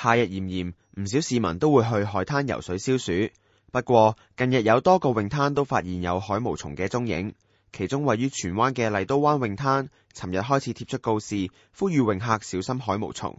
夏日炎炎，唔少市民都會去海灘游水消暑。不過，近日有多個泳灘都發現有海毛蟲嘅蹤影，其中位於荃灣嘅麗都灣泳灘，尋日開始貼出告示，呼籲泳客小心海毛蟲。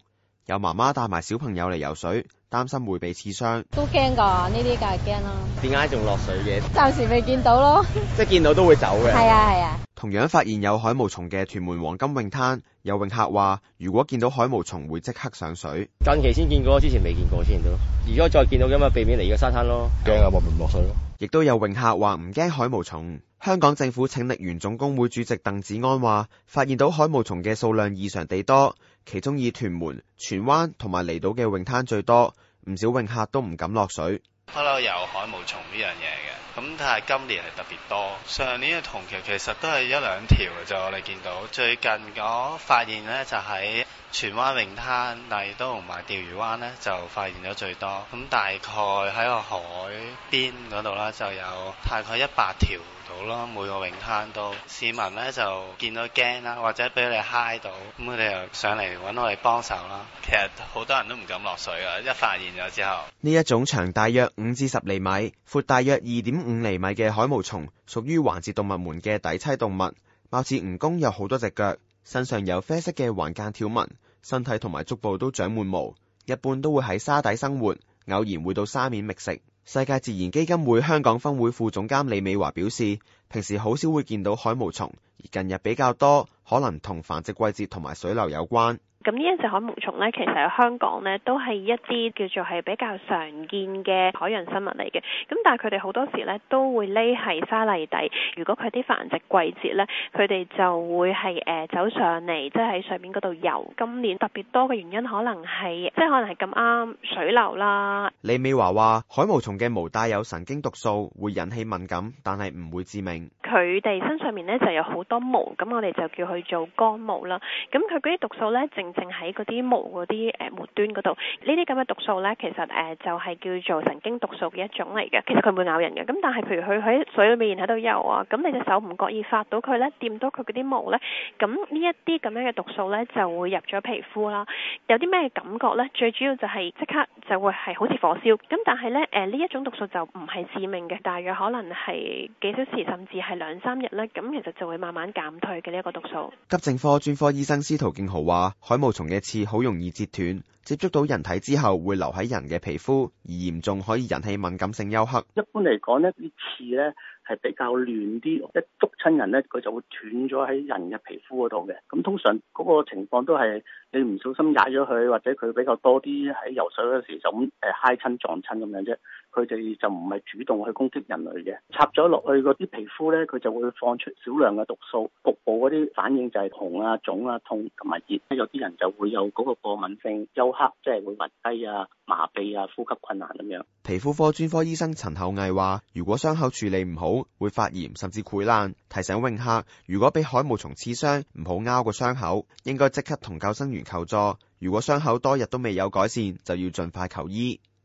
有媽媽帶埋小朋友嚟游水，擔心會被刺傷，都驚㗎，呢啲梗係驚啦。點解仲落水嘅？暫時未見到咯， 即係見到都會走嘅。係啊係啊。啊同樣發現有海毛蟲嘅屯門黃金泳灘，有泳客話如果見到海毛蟲會即刻上水。近期先見過，之前未見過先到。而家再見到咁啊，避免嚟呢個沙灘咯。驚啊，我唔落水咯。亦都有泳客話唔驚海毛蟲。香港政府拯溺員總工會主席鄧子安話，發現到海毛蟲嘅數量異常地多，其中以屯門、荃灣同埋離島嘅泳灘最多，唔少泳客都唔敢落水。Hello，有海毛蟲呢樣嘢嘅，咁但係今年係特別多，上年嘅同期其實都係一兩條嘅啫，我哋見到最近我發現呢、就是，就喺。荃灣泳灘、麗都灣同埋釣魚灣咧，就發現咗最多。咁大概喺個海邊嗰度啦，就有大概一百條到啦，每個泳灘都。市民咧就見到驚啦，或者俾你嗨到，咁佢哋又上嚟揾我哋幫手啦。其實好多人都唔敢落水噶，一發現咗之後。呢一種長大約五至十厘米、闊大約二點五厘米嘅海毛蟲，屬於環節動物門嘅底棲動物，貌似蜈蚣有好多隻腳，身上有啡色嘅環間條紋。身體同埋足部都長滿毛，一般都會喺沙底生活，偶然會到沙面覓食。世界自然基金會香港分會副總監李美華表示，平時好少會見到海毛蟲，而近日比較多，可能同繁殖季節同埋水流有關。咁呢一隻海毛蟲咧，其實喺香港咧都係一啲叫做係比較常見嘅海洋生物嚟嘅。咁但係佢哋好多時咧都會匿喺沙泥底。如果佢啲繁殖季節咧，佢哋就會係誒、呃、走上嚟，即係喺上面嗰度游。今年特別多嘅原因可能係即係可能係咁啱水流啦。李美華話：海毛蟲嘅毛帶有神經毒素，會引起敏感，但係唔會致命。佢哋身上面咧就有好多毛，咁我哋就叫佢做剛毛啦。咁佢嗰啲毒素咧正，剩喺嗰啲毛嗰啲誒末端嗰度，呢啲咁嘅毒素呢，其實誒就係叫做神經毒素嘅一種嚟嘅。其實佢唔會咬人嘅，咁但係譬如佢喺水裡面喺度游啊，咁你隻手唔覺意發到佢呢，掂到佢嗰啲毛呢，咁呢一啲咁樣嘅毒素呢，就會入咗皮膚啦。有啲咩感覺呢？最主要就係即刻就會係好似火燒。咁但係咧誒呢一種毒素就唔係致命嘅，大約可能係幾小時甚至係兩三日呢，咁其實就會慢慢減退嘅呢一個毒素。急症科專科醫生司徒敬豪話：毛蟲嘅刺好容易折斷。接觸到人體之後會留喺人嘅皮膚，而嚴重可以引起敏感性休克。一般嚟講呢啲刺咧係比較嫩啲，一篤親人咧佢就會斷咗喺人嘅皮膚嗰度嘅。咁通常嗰、那個情況都係你唔小心踩咗佢，或者佢比較多啲喺游水嗰時就咁誒揩親撞親咁樣啫。佢哋就唔係主動去攻擊人類嘅，插咗落去嗰啲皮膚咧，佢就會放出少量嘅毒素，局部嗰啲反應就係紅啊、腫啊、痛同埋熱。咧有啲人就會有嗰個過敏性休。即係會暈低啊、麻痹啊、呼吸困難咁樣。皮膚科專科醫生陳厚毅話，如果傷口處理唔好，會發炎甚至潰爛。提醒泳客，如果俾海毛蟲刺傷，唔好撓個傷口，應該即刻同救生員求助。如果傷口多日都未有改善，就要盡快求醫。